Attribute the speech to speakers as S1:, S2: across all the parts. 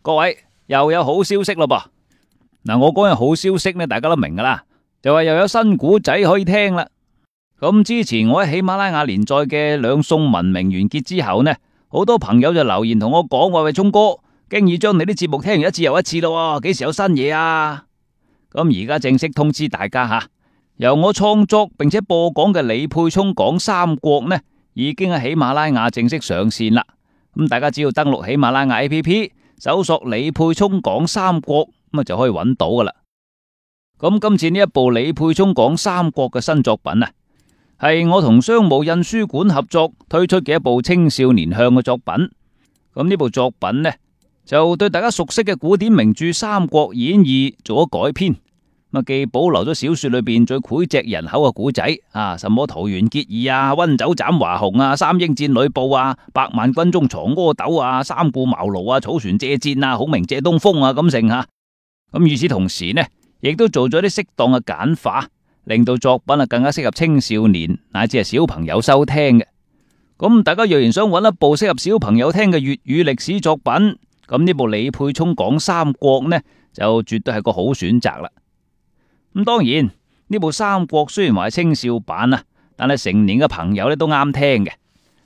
S1: 各位又有好消息嘞噃。嗱，我講嘅好消息呢，大家都明噶啦，就話又有新古仔可以聽啦。咁之前我喺喜馬拉雅連載嘅《兩宋文明》完結之後呢，好多朋友就留言同我講話，喂，聰哥，經已將你啲節目聽完一次又一次啦，幾時有新嘢啊？咁而家正式通知大家吓，由我創作並且播講嘅李沛聰講《三國》呢，已經喺喜馬拉雅正式上線啦。咁大家只要登錄喜馬拉雅 App。搜索李沛聰講三國，咁啊就可以揾到噶啦。咁今次呢一部李沛聰講三國嘅新作品啊，係我同商務印書館合作推出嘅一部青少年向嘅作品。咁呢部作品呢，就對大家熟悉嘅古典名著《三國演義》做咗改編。咁既保留咗小說裏邊最膾炙人口嘅古仔啊，什麼桃園結義啊、溫酒斬華雄啊、三英戰呂布啊、百萬軍中藏阿斗啊、三顧茅廬啊、草船借箭啊、孔明借東風啊咁剩吓。咁與此同時呢，亦都做咗啲適當嘅簡化，令到作品啊更加適合青少年乃至係小朋友收聽嘅。咁大家若然想揾一部適合小朋友聽嘅粵語歷史作品，咁呢部李沛聰講三國呢，就絕對係個好選擇啦。咁當然呢部《三國》雖然話係青少版啊，但係成年嘅朋友呢都啱聽嘅。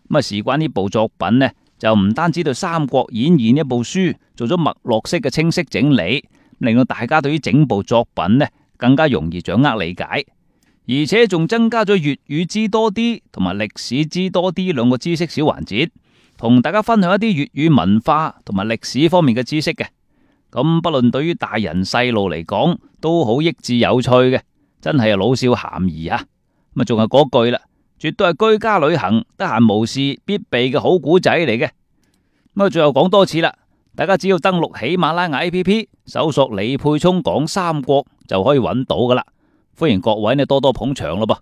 S1: 咁啊，事關呢部作品呢，就唔單止對《三國演義》一部書做咗脈絡式嘅清晰整理，令到大家對於整部作品呢更加容易掌握理解，而且仲增加咗粵語知多啲同埋歷史知多啲兩個知識小環節，同大家分享一啲粵語文化同埋歷史方面嘅知識嘅。咁不論對於大人細路嚟講，都好益智有趣嘅，真係老少咸宜啊！咁仲係嗰句啦，絕對係居家旅行得閒無事必備嘅好古仔嚟嘅。咁最後講多次啦，大家只要登錄喜馬拉雅 APP，搜索李沛聰講三國就可以揾到噶啦。歡迎各位呢多多捧場咯噃。